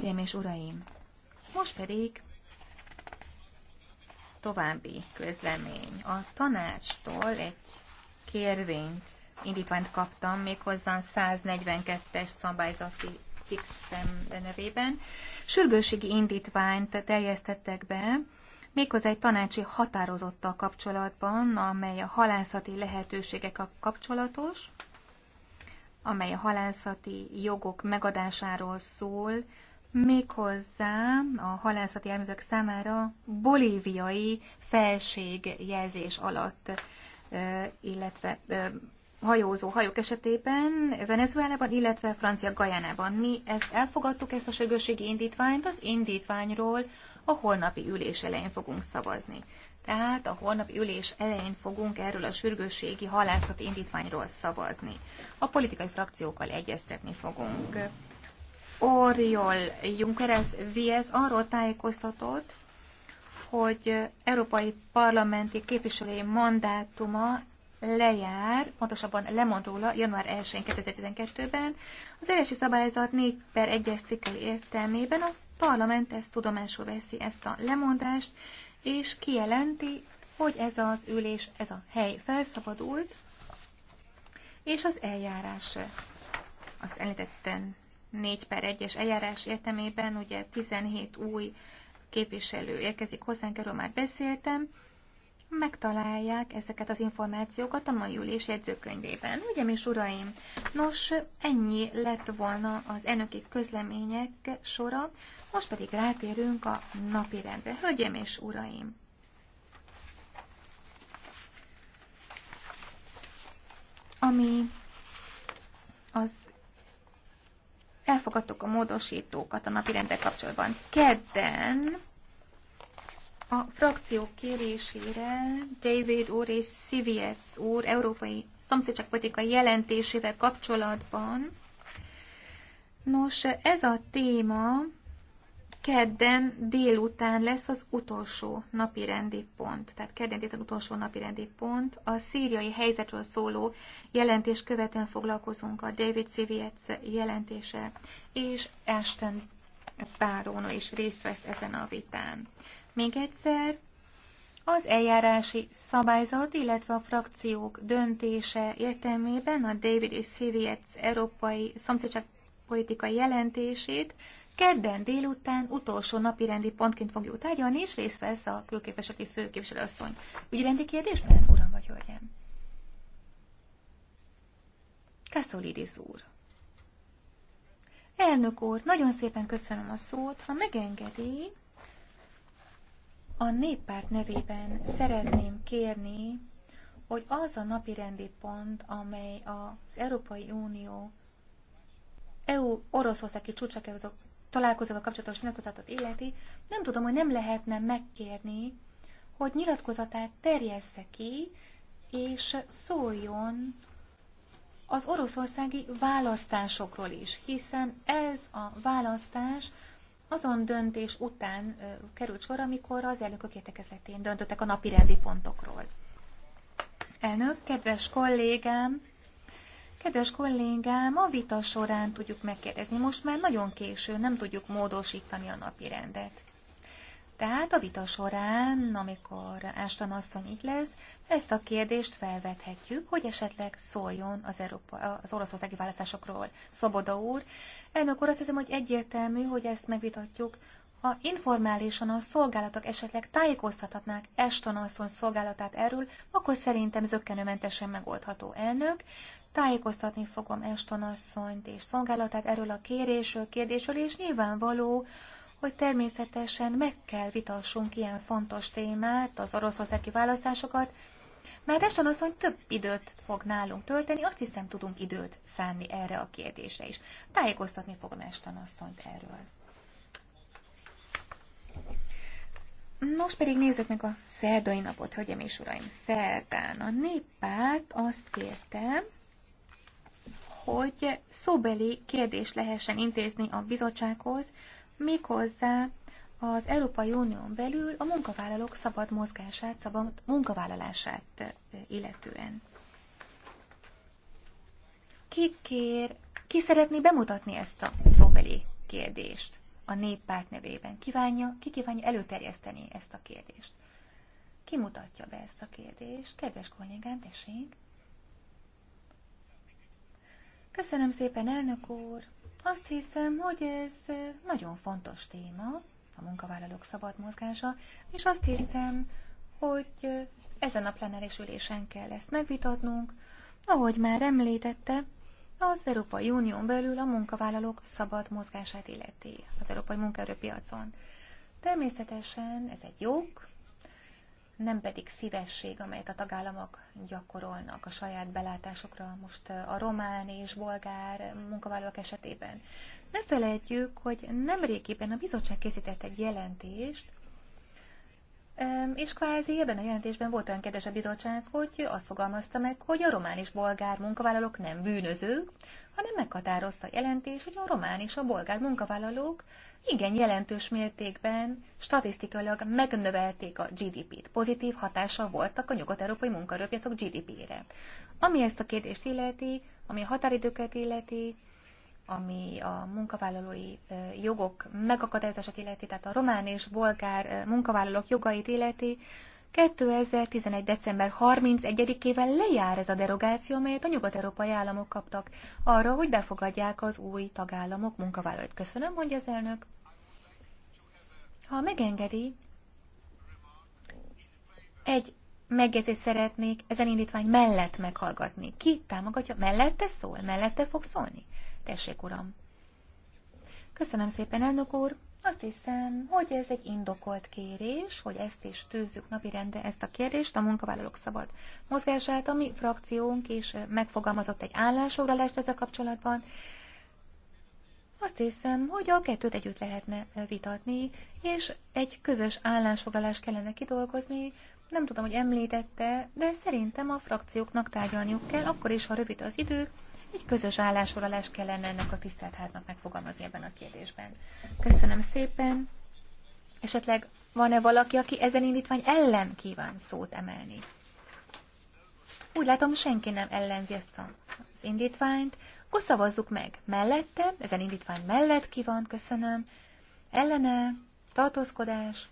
Hölgyeim és uraim, most pedig további közlemény. A tanácstól egy kérvényt, indítványt kaptam méghozzá 142-es szabályzati cikk nevében. Sürgőségi indítványt terjesztettek be, méghozzá egy tanácsi határozottal kapcsolatban, amely a halászati lehetőségek kapcsolatos, amely a halászati jogok megadásáról szól, méghozzá a halászati járművek számára bolíviai felségjelzés alatt, illetve hajózó hajók esetében Venezuelában, illetve Francia Gajánában. Mi ezt elfogadtuk, ezt a sürgősségi indítványt, az indítványról a holnapi ülés elején fogunk szavazni. Tehát a holnapi ülés elején fogunk erről a sürgősségi halászati indítványról szavazni. A politikai frakciókkal egyeztetni fogunk. Oriol Junkeres Vies arról tájékoztatott, hogy európai parlamenti képviselői mandátuma lejár, pontosabban lemond róla január 1-én 2012-ben. Az első szabályzat 4 per 1-es cikkel értelmében a parlament ezt tudomásul veszi ezt a lemondást, és kijelenti, hogy ez az ülés, ez a hely felszabadult, és az eljárás az említetten 4 per 1-es eljárás értelmében ugye 17 új képviselő érkezik hozzánk, erről már beszéltem, megtalálják ezeket az információkat a mai ülés jegyzőkönyvében. Ugye, mis uraim, nos, ennyi lett volna az elnöki közlemények sora, most pedig rátérünk a napi rendre. Hölgyem és uraim! Ami az elfogadtuk a módosítókat a napi rendel kapcsolatban. Kedden a frakció kérésére David úr és Siviec úr európai szomszédságpolitikai jelentésével kapcsolatban. Nos, ez a téma kedden délután lesz az utolsó napi rendi pont. Tehát kedden délután utolsó napi rendi pont. A szíriai helyzetről szóló jelentés követően foglalkozunk a David Siviec jelentése, és Ashton Bárónó is részt vesz ezen a vitán. Még egyszer, az eljárási szabályzat, illetve a frakciók döntése értelmében a David és Siviec európai szomszédságpolitikai jelentését Kedden délután utolsó napi rendi pontként fogjuk tárgyalni, és részt vesz a külképviseleti főképviselőasszony. Ügyrendi kérdésben, uram vagy hölgyem? Kaszolidis úr. Elnök úr, nagyon szépen köszönöm a szót. Ha megengedi, a néppárt nevében szeretném kérni, hogy az a napirendi pont, amely az Európai Unió EU Oroszországi csúcsakerozó a kapcsolatos nyilatkozatot illeti, nem tudom, hogy nem lehetne megkérni, hogy nyilatkozatát terjessze ki, és szóljon az oroszországi választásokról is, hiszen ez a választás azon döntés után került sor, amikor az elnökök értekezletén döntöttek a napi rendi pontokról. Elnök, kedves kollégám, Kedves kollégám, a vita során tudjuk megkérdezni, most már nagyon késő, nem tudjuk módosítani a napi rendet. Tehát a vita során, amikor Ástan asszony így lesz, ezt a kérdést felvethetjük, hogy esetleg szóljon az, Európa, az oroszországi választásokról. Szoboda úr, elnök úr, azt hiszem, hogy egyértelmű, hogy ezt megvitatjuk ha informálisan a szolgálatok esetleg tájékoztathatnák Ashton asszony szolgálatát erről, akkor szerintem zöggenőmentesen megoldható elnök. Tájékoztatni fogom Ashton asszonyt és szolgálatát erről a kérésről, kérdésről, és nyilvánvaló, hogy természetesen meg kell vitassunk ilyen fontos témát, az oroszországi választásokat, mert Eston asszony több időt fog nálunk tölteni, azt hiszem tudunk időt szánni erre a kérdésre is. Tájékoztatni fogom Eston asszonyt erről. Nos, pedig nézzük meg a szerdai napot, hölgyeim és uraim. Szerdán a néppárt azt kérte, hogy szóbeli kérdés lehessen intézni a bizottsághoz, méghozzá az Európai Unión belül a munkavállalók szabad mozgását, szabad munkavállalását illetően. Ki kér, ki szeretné bemutatni ezt a szóbeli kérdést? a néppárt nevében. Kívánja, ki kívánja előterjeszteni ezt a kérdést? Ki mutatja be ezt a kérdést? Kedves kollégám, tessék! Köszönöm szépen, elnök úr! Azt hiszem, hogy ez nagyon fontos téma, a munkavállalók szabad mozgása, és azt hiszem, hogy ezen a plenáris ülésen kell ezt megvitatnunk. Ahogy már említette, az Európai Unión belül a munkavállalók szabad mozgását illeti az európai munkaerőpiacon. Természetesen ez egy jog, nem pedig szívesség, amelyet a tagállamok gyakorolnak a saját belátásokra, most a román és bolgár munkavállalók esetében. Ne felejtjük, hogy nemrégiben a bizottság készített egy jelentést és kvázi ebben a jelentésben volt olyan kedves a bizottság, hogy azt fogalmazta meg, hogy a román és bolgár munkavállalók nem bűnözők, hanem meghatározta a jelentés, hogy a román és a bolgár munkavállalók igen jelentős mértékben statisztikailag megnövelték a GDP-t. Pozitív hatása voltak a nyugat-európai munkaerőpiacok GDP-re. Ami ezt a kérdést illeti, ami a határidőket illeti, ami a munkavállalói jogok megakadályozását illeti, tehát a román és bolgár munkavállalók jogait illeti, 2011. december 31-ével lejár ez a derogáció, amelyet a nyugat-európai államok kaptak arra, hogy befogadják az új tagállamok munkavállalóit. Köszönöm, mondja az elnök. Ha megengedi, egy megjegyzést szeretnék ezen indítvány mellett meghallgatni. Ki támogatja? Mellette szól? Mellette fog szólni? Tessék, uram! Köszönöm szépen, elnök úr! Azt hiszem, hogy ez egy indokolt kérés, hogy ezt is tűzzük napirendre, ezt a kérdést, a munkavállalók szabad mozgását. ami frakciónk is megfogalmazott egy állásfoglalást ezzel kapcsolatban. Azt hiszem, hogy a kettőt együtt lehetne vitatni, és egy közös állásfoglalást kellene kidolgozni. Nem tudom, hogy említette, de szerintem a frakcióknak tárgyalniuk kell, akkor is, ha rövid az idő, egy közös állásfoglalást kellene ennek a tisztelt háznak megfogalmazni ebben a kérdésben. Köszönöm szépen. Esetleg van-e valaki, aki ezen indítvány ellen kíván szót emelni? Úgy látom, senki nem ellenzi ezt az indítványt. Akkor szavazzuk meg. Mellette, ezen indítvány mellett ki van, köszönöm. Ellene, tartózkodás,